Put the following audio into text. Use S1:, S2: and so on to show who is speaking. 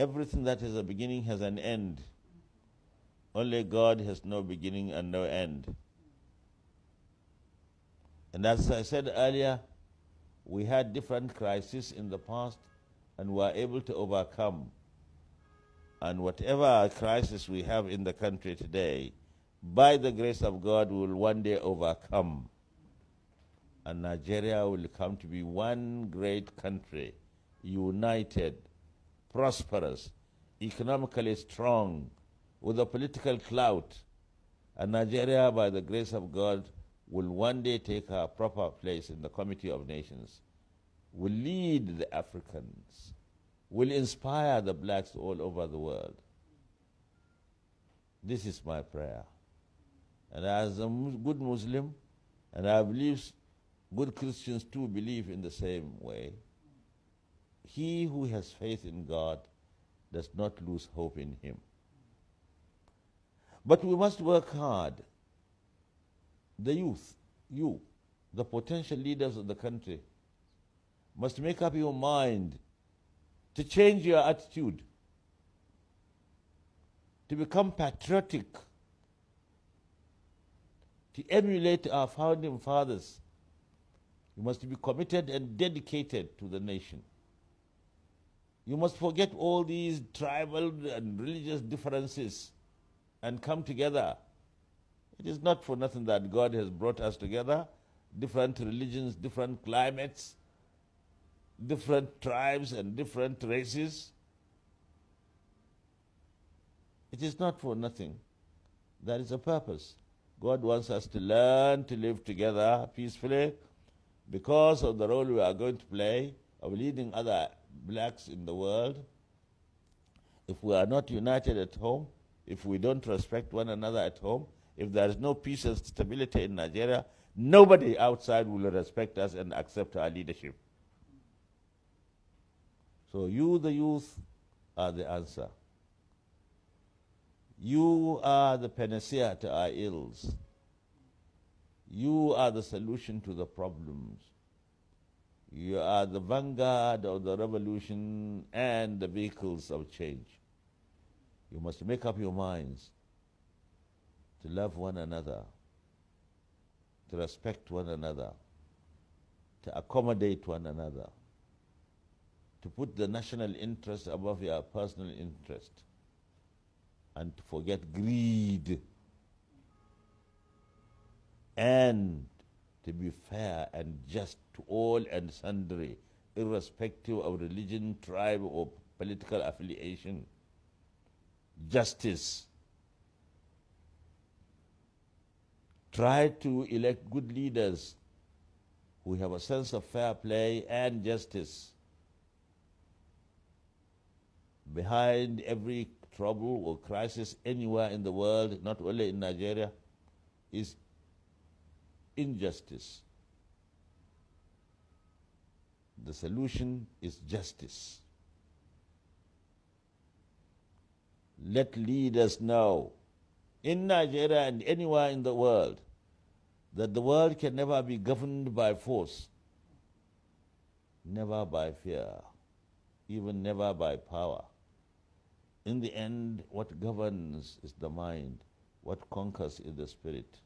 S1: Everything that is a beginning has an end. Only God has no beginning and no end. And as I said earlier, we had different crises in the past and were able to overcome. And whatever crisis we have in the country today, by the grace of God, we will one day overcome. And Nigeria will come to be one great country, united prosperous, economically strong, with a political clout. And Nigeria, by the grace of God, will one day take her proper place in the Committee of Nations, will lead the Africans, will inspire the blacks all over the world. This is my prayer. And as a good Muslim, and I believe good Christians too believe in the same way, he who has faith in God does not lose hope in Him. But we must work hard. The youth, you, the potential leaders of the country, must make up your mind to change your attitude, to become patriotic, to emulate our founding fathers. You must be committed and dedicated to the nation. You must forget all these tribal and religious differences and come together. It is not for nothing that God has brought us together, different religions, different climates, different tribes and different races. It is not for nothing. There is a purpose. God wants us to learn to live together peacefully because of the role we are going to play of leading other blacks in the world, if we are not united at home, if we don't respect one another at home, if there is no peace and stability in Nigeria, nobody outside will respect us and accept our leadership. So you, the youth, are the answer. You are the panacea to our ills. You are the solution to the problems. You are the vanguard of the revolution and the vehicles of change. You must make up your minds to love one another, to respect one another, to accommodate one another, to put the national interest above your personal interest, and to forget greed and to be fair and just to all and sundry, irrespective of religion, tribe, or political affiliation. Justice. Try to elect good leaders who have a sense of fair play and justice. Behind every trouble or crisis anywhere in the world, not only in Nigeria, is injustice. The solution is justice. Let leaders know in Nigeria and anywhere in the world that the world can never be governed by force, never by fear, even never by power. In the end, what governs is the mind, what conquers is the spirit.